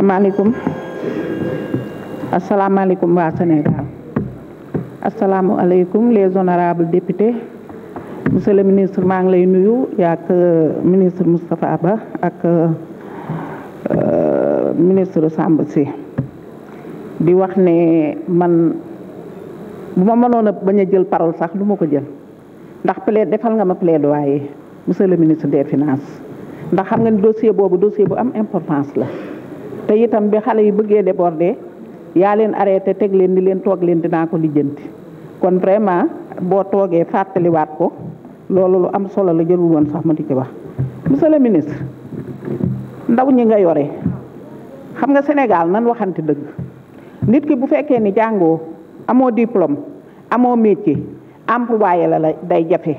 Assalamualaikum, assalamualaikum wa Sénégal Assalamualaikum les honorables députés monsieur le ministre mang ngi lay nuyu yak ministre Mustafa Ba ak ya eh, ministre Samba Sy di wax né man bu ma baña jël parole sax du ko jël ndax plaid defal nga ma plaidoyer monsieur le ministre des finances ndax xam nga dossier bobu dossier bu am importance la te itam bi xale yi bëggee déborder yaa leen arrêté teg leen ni leen toog leen dinaa ko lijjanti kon vraiment boo toogee fàttaliwaat ko loolu lu am solo la jëlul sax ma di ci wax. monsieur le ministre ndaw ñi nga yore xam nga Sénégal nan waxante dëgg nit ki bu fekkee ni jàngoo amoo diplôme amoo métier employé la la day jafe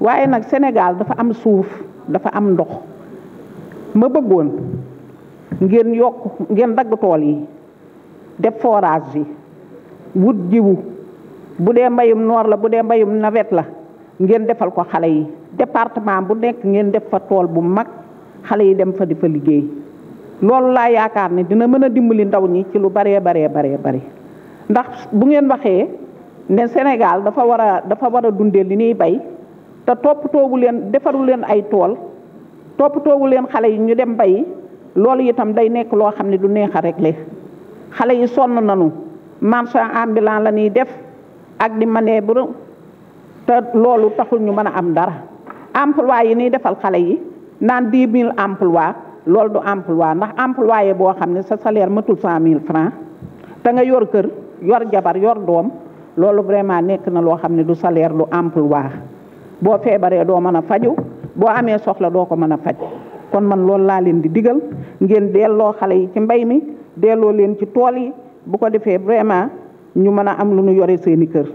waaye nag Sénégal dafa am suuf dafa am ndox ma bëggoon. ngeen yok ngeen dag tool yi def forage yi wut jiwu bu dee mbayum noor la bu dee mbayum navet la ngeen defal ko xale yi département bu nekk ngeen def fa tool bu mag xale yi dem fa di fa liggéey loolu laa yaakaar ne dina mën a dimbali ndaw ñi ci lu baree baree baree bare ndax bu ngeen waxee ne Sénégal dafa war a dafa war a dundee li bay te toppatoowu leen defaru leen ay tool toppatoowu leen xale yi ñu dem bayi lolu itam day nek lo xamni ne du nexa rek le xalé yi sonn nanu marchand ambulant la ni def ak di manœuvre ta lolu taxul ñu mëna am dara emploi yi ni defal xalé yi nan 10000 emploi lolu du emploi ndax emploi ye bo xamni sa salaire matul cent mille francs ta nga yor kër yor jabar yor dom lolu vraiment nek na lo xamni du salaire du emploi bo febaré do mëna faju bo amé soxla do ko mëna faju kon man loolu laa leen di diggal ngeen delloo xale yi ci mbay mi delloo leen ci tool yi bu ko defee vraiment ñu mën a am lu ñu yore seeni kër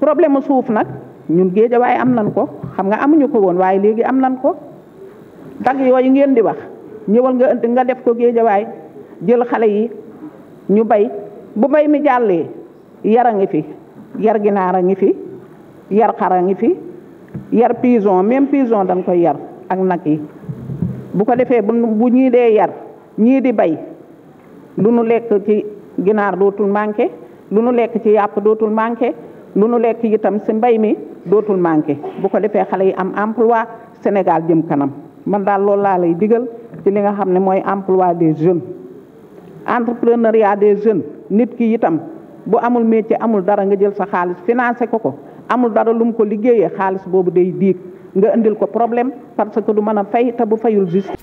problème suuf nag ñun géeja waaye am nan ko xam nga amuñu ko woon waaye léegi am nan ko dag yooyu ngeen di wax ñëwal nga nga def ko géejawaay jël xale yi ñu bay bu mbay mi jàllee yar a ngi fi yar ginaar a ngi fi yar xar ngi fi yar pison même pison dañ koy yar ak nag yi bu ko defee bu ñii dee yar ñii di bay lu nu lekk ci ginaar dootul manqué lu nu lekk ci yàpp dootul manqué lu nu lekk itam si mbay mi dootul manqué bu ko defee xale yi am emploi Sénégal jëm kanam man daal loolu laa lay digal ci li nga xam ne mooy emploi des jeunes entrepreneuriat des jeunes nit ki itam bu amul métier amul dara nga jël sa xaalis financé ko ko amul dara lum ko liggéeyee xaalis boobu dey diig nga indil ko problème parce que du mën a fay te bu fayul juste